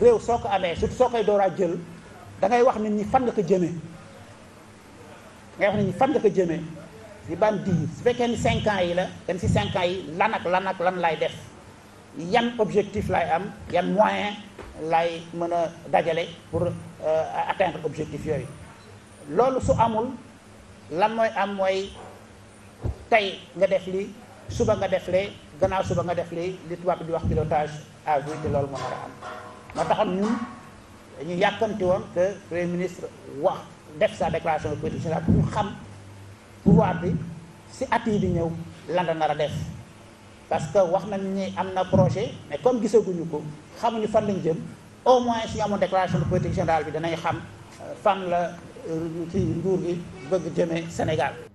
réew soo ko amee surtout soo koy dooraa jël da ngay wax nit ñi fan nga ko jëmee da ngay wax nit ñi fan nga ko jëmee li ban dii su fekkee ni cinq ans yi la kenn si cinq ans yi lan ak lan ak lan lay def yan objectif lay am yan moyen lay mën a dajale pour euh, atteindre objectif yooyu loolu su amul lan mooy am mooy tey nga def li suba nga def lee gannaaw suba nga def li li tubaab bi di wax pilotage à vue te loolu moo nar a am moo tax ñun ñu yàkkamti woon que premier ministre wax def saa déclaration de politique générale pour ñu xam pouvoir bi si at yi di ñëw lan la nar a def parce que wax nañ ni am na projet mais comme gisaguñu ko xamuñu fan lañ jëm au moins suñu amoon déclaration de politique générale bi danañ xam euh, fan la euh, ci nguur gi bëgg jëmee Sénégal